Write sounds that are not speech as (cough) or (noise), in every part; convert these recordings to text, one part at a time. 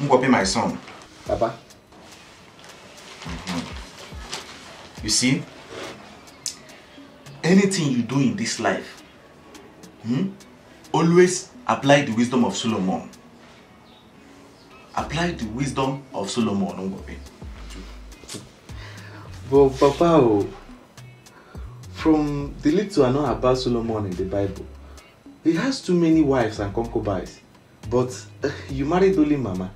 Ngwopi, my son. Papa. Mm -hmm. You see, anything you do in this life, hmm, always apply the wisdom of Solomon. Apply the wisdom of Solomon, Ngwopi. But Papa, oh, from the little I know about Solomon in the Bible, he has too many wives and concubines. But uh, you married only Mama.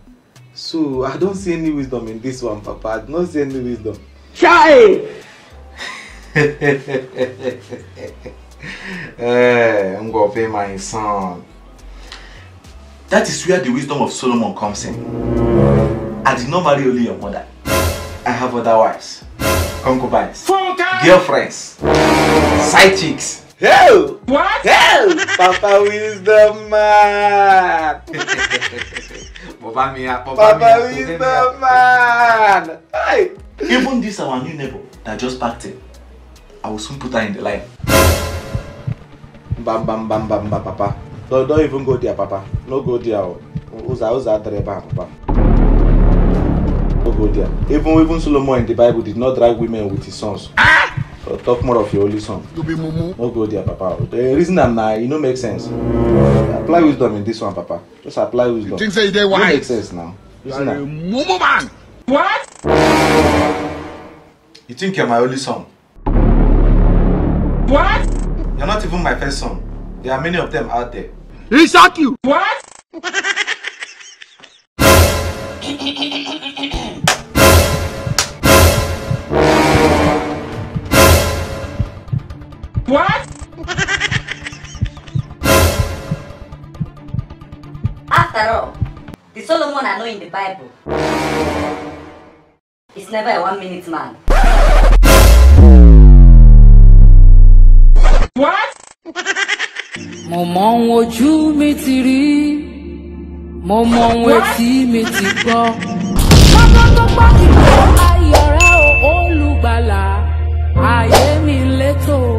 So I don't see any wisdom in this one, Papa. I don't see any wisdom. Chai! hey, (laughs) eh, I'm gonna pay my son. That is where the wisdom of Solomon comes in. I did not marry only your mother. I have other wives, concubines, girlfriends, side chicks. Hell! What? Hell! Papa Wisdom Man! (laughs) Baba Mia, Papa, Papa Mia, Wisdom Man! Hey! Even this our new neighbor that just packed it, I will soon put her in the line. Bam bam bam bam bam papa. So don't even go there papa. No go there. Who's who's that dreba papa. No go there. Even even Solomon in the Bible did not drag women with his sons. Ah! talk more of your holy son no go there papa the reason I'm not, you no make sense apply wisdom in this one papa just apply wisdom you think say you dey wise no sense now you are a mumu man what you think you're my only son what you're not even my first son there are many of them out there he shot you what (laughs) What? After all, the Solomon I know in the Bible is never a one-minute man. What? Mo mọ ohun ojú mi ti rí, mo mọ etí mi ti gbọ́. Lọ́jọ́ tó pàtìkọ́ ayọ̀rá olùgbàlà, ayé mi létò.